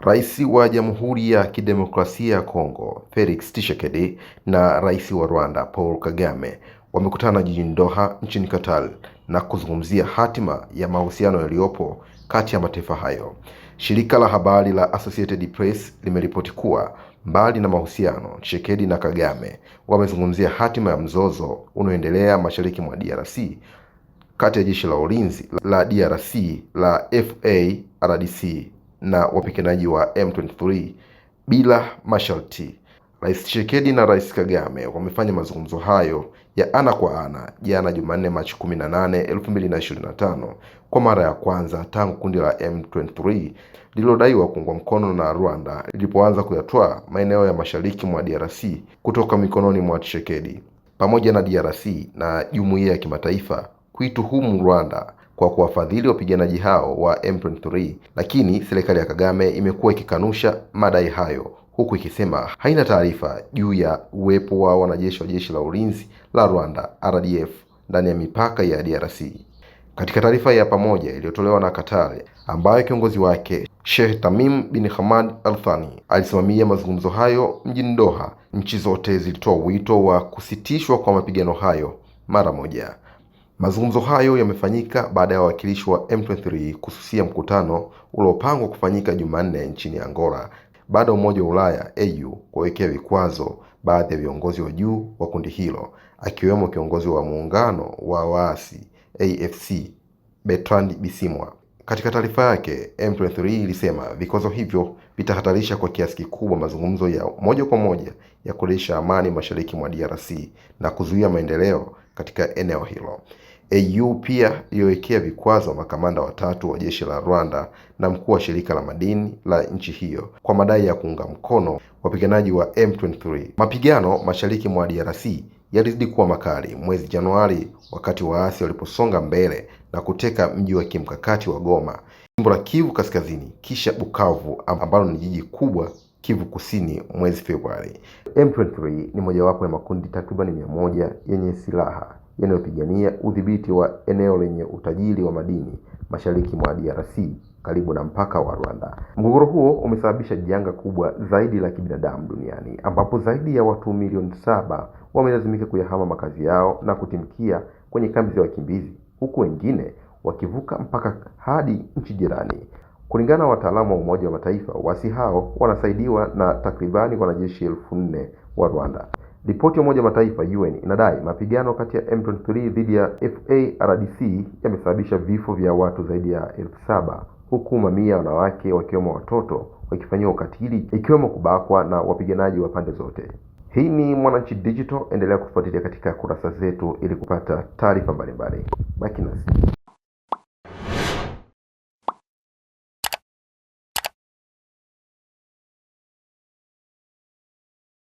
Rais wa Jamhuri ya Kidemokrasia ya Kongo Felix Tshisekedi na Rais wa Rwanda Paul Kagame wamekutana jijini Doha nchini Qatar na kuzungumzia hatima ya mahusiano yaliyopo kati ya mataifa hayo. Shirika la habari la Associated Press limeripoti kuwa mbali na mahusiano, Tshisekedi na Kagame wamezungumzia hatima ya mzozo unaoendelea mashariki mwa DRC kati ya jeshi la ulinzi la DRC la FARDC na wapiganaji wa M23 bila masharti. Rais Tshisekedi na Rais Kagame wamefanya mazungumzo hayo ya ana kwa ana jana Jumanne Machi 18, 2025 kwa mara ya kwanza tangu kundi la M23 lililodaiwa kuungwa mkono na Rwanda lilipoanza kuyatoa maeneo ya mashariki mwa DRC kutoka mikononi mwa Tshisekedi, pamoja na DRC na jumuiya ya kimataifa kuituhumu Rwanda kwa kuwafadhili wapiganaji hao wa M23, lakini serikali ya Kagame imekuwa ikikanusha madai hayo huku ikisema haina taarifa juu ya uwepo wa wanajeshi wa jeshi la ulinzi la Rwanda RDF ndani ya mipaka ya DRC. Katika taarifa ya pamoja iliyotolewa na Qatar ambayo kiongozi wake Sheikh Tamim bin Hamad Al Thani alisimamia mazungumzo hayo mjini Doha, nchi zote zilitoa wito wa kusitishwa kwa mapigano hayo mara moja. Mazungumzo hayo yamefanyika baada ya wawakilishi wa M23 kususia mkutano uliopangwa kufanyika Jumanne nchini Angola baada ya Umoja wa Ulaya EU kuwekea vikwazo baadhi ya viongozi wa juu wa kundi hilo akiwemo kiongozi wa muungano wa waasi AFC Bertrand Bisimwa. Katika taarifa yake, M23 ilisema vikwazo hivyo vitahatarisha kwa kiasi kikubwa mazungumzo ya moja kwa moja ya kurejesha amani mashariki mwa DRC na kuzuia maendeleo katika eneo hilo. AU pia iliwekea vikwazo makamanda watatu wa jeshi la Rwanda na mkuu wa shirika la madini la nchi hiyo kwa madai ya kuunga mkono wapiganaji wa M23. Mapigano mashariki mwa DRC yalizidi kuwa makali mwezi Januari, wakati waasi waliposonga mbele na kuteka mji wa kimkakati wa Goma, jimbo la Kivu Kaskazini, kisha Bukavu ambalo ni jiji kubwa Kivu Kusini mwezi Februari. M23 ni mojawapo ya makundi takriban mia moja yenye silaha yanayopigania udhibiti wa eneo lenye utajiri wa madini mashariki mwa DRC karibu na mpaka wa Rwanda. Mgogoro huo umesababisha janga kubwa zaidi la kibinadamu duniani ambapo zaidi ya watu milioni saba wamelazimika kuyahama makazi yao na kutimkia kwenye kambi za wakimbizi huku wengine wakivuka mpaka hadi nchi jirani. Kulingana na wataalamu wa Umoja wa Mataifa, waasi hao wanasaidiwa na takribani wanajeshi elfu nne wa Rwanda. Ripoti ya Umoja wa Mataifa UN inadai mapigano kati ya M23 dhidi ya FARDC yamesababisha vifo vya watu zaidi ya elfu saba huku mamia ya wanawake wakiwemo watoto wakifanyiwa ukatili ikiwemo kubakwa na wapiganaji wa pande zote. Hii ni Mwananchi Digital, endelea kufuatilia katika kurasa zetu ili kupata taarifa mbalimbali. Baki nasi.